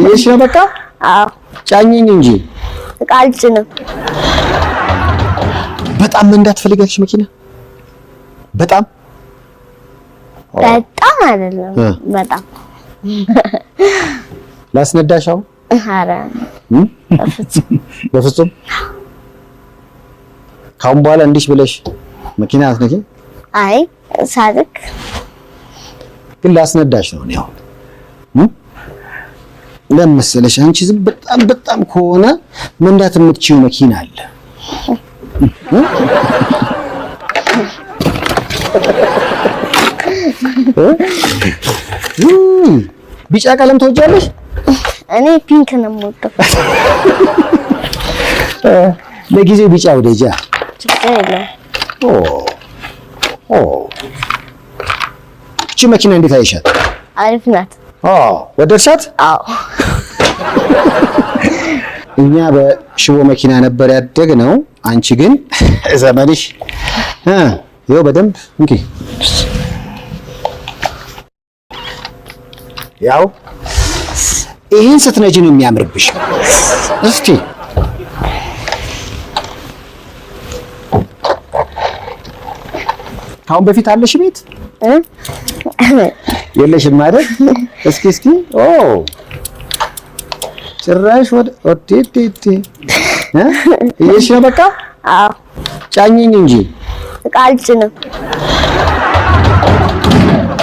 እየሽ ነው በቃ አዎ፣ ጫኝኝ እንጂ በቃ አልጭንም። በጣም መንዳት ትፈልጊያለሽ መኪና? በጣም በጣም አይደለም፣ በጣም ላስነዳሻው? ኧረ በፍጹም ካሁን በኋላ እንዲሽ ብለሽ መኪና አትነጂ። አይ ሳድግ ግን ላስነዳሽ ነው ነው ለምን መሰለሽ አንቺ ዝም በጣም በጣም ከሆነ መንዳት የምትችይው መኪና አለ። ቢጫ ቀለም ተወጃለሽ? እኔ ፒንክ ነው የምወደው። ለጊዜው ቢጫ ወደጃ እቺ መኪና እንዴት አይሻት? አሪፍ ናት። ወደድሻት? አዎ እኛ በሽቦ መኪና ነበር ነው። አንቺ ግን ዘመንሽ ይኸው በደንብ እንኪ። ያው ይህን ስትነጂ ነው የሚያምርብሽ። እስቲ ካሁን በፊት አለሽ ቤት የለሽም አይደል? እስኪ እስኪ ኦ ጭራሽ ወደ ኦቲቲቲ እየሽ ነው። በቃ አዎ ጫኝኝ እንጂ ቃልጭ ነው